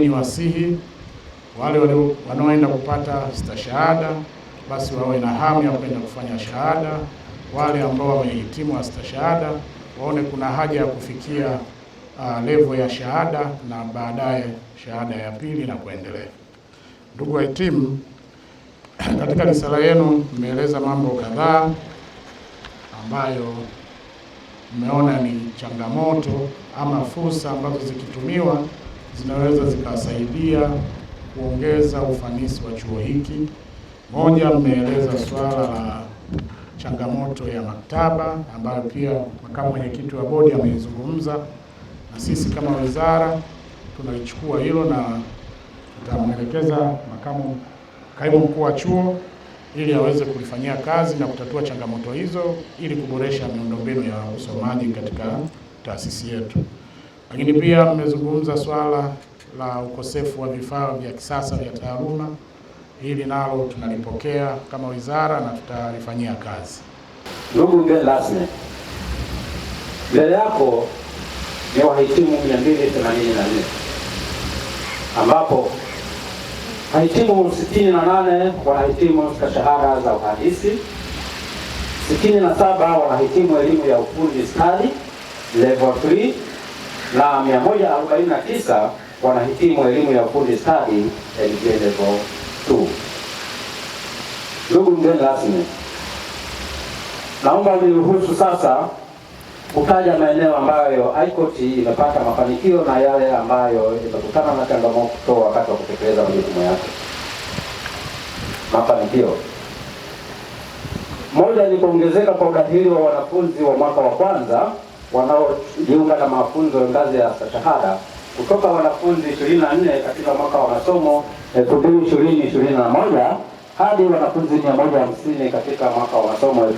ni wasihi wale wanaoenda kupata stashahada basi wawe na hamu ya kwenda kufanya shahada. Wale ambao wamehitimu wa stashahada waone kuna haja ya kufikia uh, ah, levo ya shahada na baadaye shahada ya pili na kuendelea. Ndugu wahitimu, katika risala yenu mmeeleza mambo kadhaa ambayo mmeona ni changamoto ama fursa ambazo zikitumiwa zinaweza zikasaidia kuongeza ufanisi wa chuo hiki. Moja, mmeeleza swala la changamoto ya maktaba ambayo pia makamu mwenyekiti wa bodi ameizungumza, na sisi kama wizara tunalichukua hilo na tutamwelekeza makamu kaimu mkuu wa chuo ili aweze kulifanyia kazi na kutatua changamoto hizo ili kuboresha miundombinu ya usomaji katika taasisi yetu. Lakini pia mmezungumza swala la ukosefu wa vifaa vya kisasa vya taaluma. Hili nalo tunalipokea kama wizara na tutalifanyia kazi. Ndugu mgeni rasmi, mbele yako ni wahitimu 284 ambapo wahitimu 68 wanahitimu katika shahada za uhandisi, 67 wanahitimu elimu ya ufundi stadi level 3 na 149 wanahitimu elimu ya ufundi stadi LGA level 2. Ndugu mgeni rasmi, naomba niruhusu sasa kutaja maeneo ambayo ICOT imepata mafanikio na yale ambayo imekutana na changamoto wakati wa kutekeleza majukumu yake. Mafanikio: moja ni kuongezeka kwa udahili wa wanafunzi wa mwaka wa kwanza wanaojiunga na mafunzo ya ngazi ya shahada kutoka wanafunzi 24 katika mwaka wa masomo 2020/2021 hadi wanafunzi 150 katika mwaka wa masomo 2025/2026.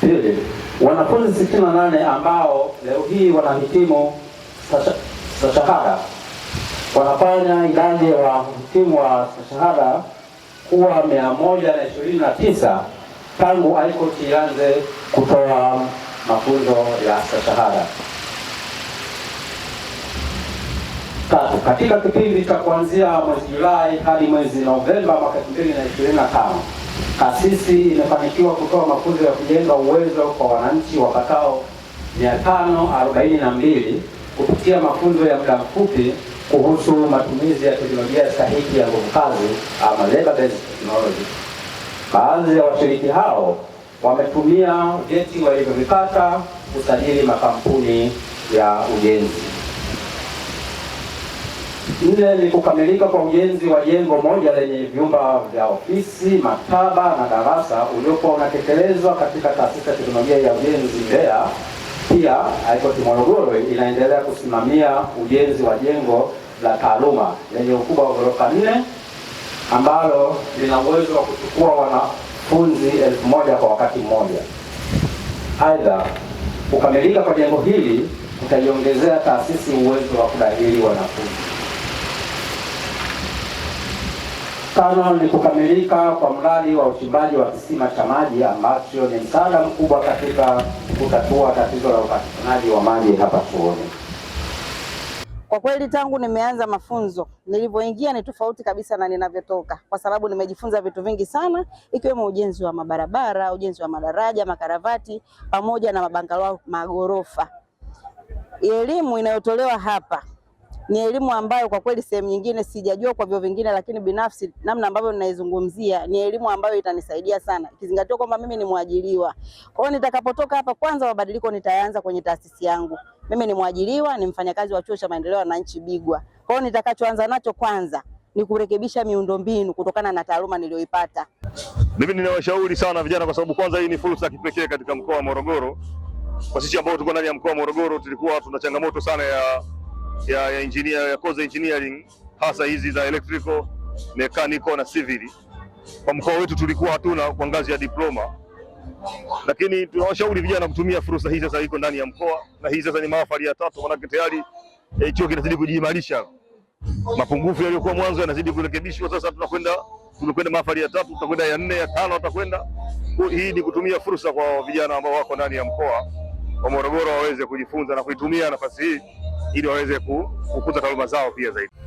Pili, wanafunzi 68 ambao leo hii wanahitimu shahada wanafanya idadi ya wahitimu wa shahada kuwa 129 tangu ICOT ianze kutoa mafunzo ya stashahada. Tatu, katika kipindi cha kuanzia mwezi Julai hadi mwezi Novemba mwaka 2025 taasisi imefanikiwa kutoa mafunzo ya kujenga uwezo kwa wananchi wapatao 542 kupitia mafunzo ya muda mfupi kuhusu matumizi ya teknolojia sahihi ya nguvu kazi ama labor based technology Baadhi ya washiriki hao wametumia vyeti walivyovipata kusajili makampuni ya ujenzi. Nne ni kukamilika kwa ujenzi wa jengo moja lenye vyumba vya ofisi, maktaba na darasa uliokuwa unatekelezwa katika Taasisi ya Teknolojia ya Ujenzi Mbeya. Pia ICOT Morogoro inaendelea kusimamia ujenzi wa jengo la taaluma lenye ukubwa wa ghorofa nne ambalo lina uwezo wa kuchukua wanafunzi elfu moja kwa wakati mmoja. Aidha, kukamilika kwa jengo hili kutaiongezea taasisi uwezo wa kudahili wanafunzi. Tano ni kukamilika kwa mradi wa uchimbaji wa kisima cha maji ambacho ni msaada mkubwa katika kutatua tatizo la upatikanaji wa maji hapa chuoni. Kwa kweli tangu nimeanza mafunzo nilivyoingia ni tofauti kabisa na ninavyotoka, kwa sababu nimejifunza vitu vingi sana, ikiwemo ujenzi wa mabarabara, ujenzi wa madaraja, makaravati pamoja na mabangalao magorofa. Elimu inayotolewa hapa ni elimu ambayo kwa kweli sehemu nyingine sijajua kwa vyo vingine, lakini binafsi namna ambavyo ninaizungumzia ni elimu ambayo itanisaidia sana, ikizingatiwa kwamba mimi ni mwajiriwa. Kwa hiyo nitakapotoka hapa, kwanza mabadiliko nitayaanza kwenye taasisi yangu. Mimi ni mwajiriwa, ni mfanyakazi wa Chuo cha Maendeleo ya Wananchi Bigwa. Kwa hiyo nitakachoanza nacho kwanza ni kurekebisha miundombinu kutokana na taaluma niliyoipata. Mimi ninawashauri sana vijana, kwa sababu kwanza hii ni fursa ya kipekee katika mkoa wa Morogoro. Kwa sisi ambao tuko ndani ya mkoa wa Morogoro, tulikuwa tuna changamoto sana ya ya, ya, engineer, ya course engineering hasa hizi za electrical, mechanical na civil. Kwa mkoa wetu tulikuwa hatuna kwa ngazi ya diploma, lakini tunawashauri vijana kutumia fursa hii sasa iko ndani ya mkoa, na hii sasa ni mahafali ya tatu, maana tayari eh, chuo kinazidi kujiimarisha. Mapungufu yaliyokuwa mwanzo yanazidi kurekebishwa. Sasa tunakwenda tunakwenda mahafali ya tatu, tutakwenda ya nne, ya tano atakwenda Hii ni kutumia fursa kwa vijana ambao wako ndani ya mkoa wa Morogoro waweze kujifunza na kuitumia nafasi hii ili waweze kukuza taaluma zao pia zaidi.